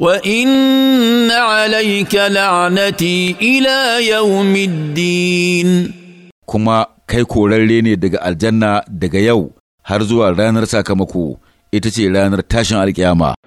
وان عليك لعنتي الى يوم الدين kuma kai korarre ne daga aljanna daga yau har zuwa ranar sakamako ita ce ranar tashin alkiyama